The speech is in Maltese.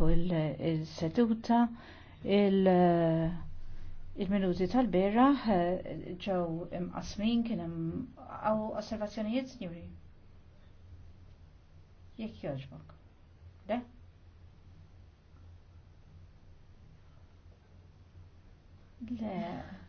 niftħu il-seduta il-minuti tal-bera eh, ġew imqasmin kien hemm għaw osservazzjonijiet sinjuri. Jekk jogħġbok. De? Le.